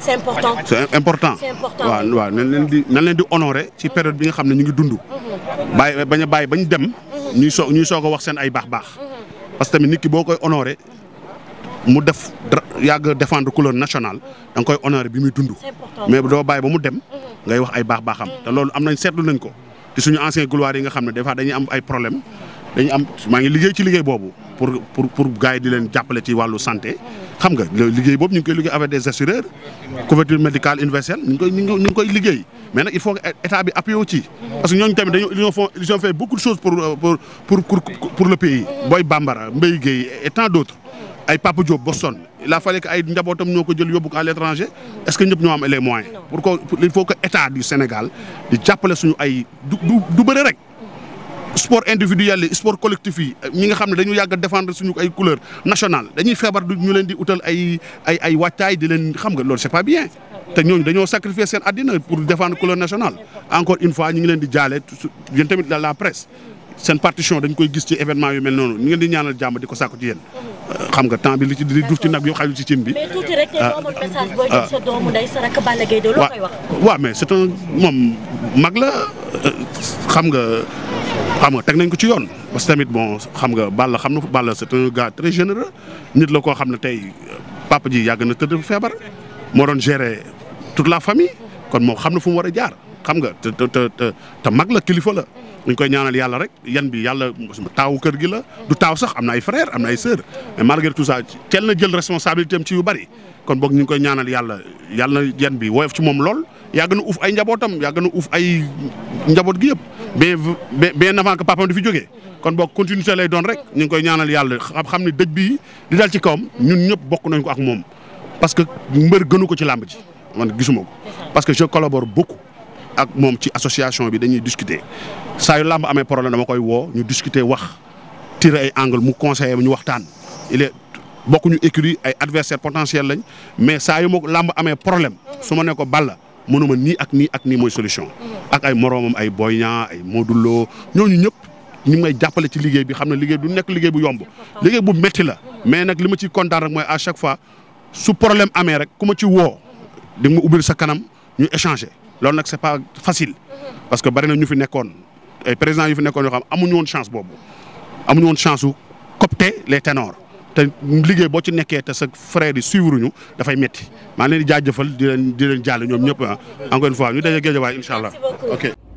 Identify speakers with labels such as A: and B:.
A: c'est important c'est important waaw waaw nañ leen di nañ leen di honorer ci période bi nga xam ne ñu ngi dund. bàyyi bañ a bàyyi bañ dem. ñuy soog ñuy soog a wax seen ay baax-baax. parce que tamit nit ki boo koy honorer mu def yàgg défendre couleur nationale da nga koy honorer bi muy dund. mais doo bàyyi ba mu dem ngay wax ay baax-baaxam te loolu am nañ seetlu nañ ko ci suñu ancien gloire yi nga xam ne des fois dañuy am ay problème dañu am maa ngi liggéey ci liggéey boobu pour pour pour gars yi di leen jàppale ci wàllu santé xam nga liggéey boobu ñu ngi koy liggéey avec des assureurs couverture médicale universelle ñu ngi koy ñu ngi koy liggéey mais nag il faut état bi appuyé ci parce que ñooñu tamit dañoo ils ont de choses pour le pays booy Bambara Mbaye Guèye et tant ay Papa Boston il a fallu que ay njabootam ñoo ko jël yóbbu ko à l'étranger est-ce que ñëpp ñoo am les moyens pour que il faut que état du Sénégal di rek. sport individuel yi sport collectif yi ñi nga xam ne dañu yàgg a défendre suñu ay couleur nationale dañuy feebar du ñu leen di utal ay ay wàccaay di leen xam nga loolu c'est pas bien te ñooñu dañoo sacrifier seen àddina pour défendre couleur nationale encore une fois ñu ngi leen di jaale yéen tamit la la presse seen partition dañ koy gis ci événement yu mel noonu ñu ngeen di ñaanal jàmm di ko sàkku ci yéen xam nga temps bi li ci di duuf ci nag yow xaju ci cin bi. mais ah. moom mag la euh, nga. xam nga teg nañ ko ci yoon parce que tamit bon xam nga Balla xam na Balla c'est un gars très généreux nit la koo xam ne tey papa ji yàgg na tëdd feebar moo doon gere toute la famille kon moom xam na fu war a jaar xam nga te te mag la kilifa la. ñu koy ñaanal yàlla rek yan bi yàlla taawu kër gi la du taaw sax am na ay frères am na ay sœurs mais malgré tout ça na jël responsabilité am ci yu bari kon boog ñu ngi koy ñaanal yàlla yàlla yan bi woyof ci moom lool. yàgg na uuf ay njabootam yàgg na uuf ay njaboot gi yëpp bien bien avant que papaam di fi jógee kon boog continuité lay doon rek ñu ngi koy ñaanal yàlla xam ne dëj bi di dal ci kawam ñun ñëpp bokk nañ ko ak moom parce que mbër gënu ko ci làmb ji man gisuma ko parce que je collabore beaucoup ak moom ci association bi dañuy discuter saa yu làmb amee problème dama koy woo ñu discuter wax tirer ay angle mu conseiller ñu waxtaan il est bokkuñu écurie ay adversaire potentiel lañ mais saa yu ma làmb amee problème su ne ko Balla mënuma nii ak nii ak nii mooy solution. ak ay moroomam ay Boy Niang ay Modou Lo ñooñu ñëpp ñu ngi may jàppale ci liggéey bi xam na liggéey du nekk liggéey bu yomb liggéey bu métti la mais nag li ma ci kontaan rek mooy à chaque fois su problème amee rek ku ma ci woo di nga ubbil sa kanam ñu échangé loolu nag c'est pas facile parce que bari na ñu fi nekkoon ay président yu fi nekkoon yoo xam amuñu woon chance boobu amuñu woon chance su copter les ténors. te liggéey boo ci nekkee te sa frère yi suivre ñu dafay metti maa ngi leen di jaajëfal di leen jaal ñoom ñëpp ah encore une fois ñu daje géejawaay incha allah ok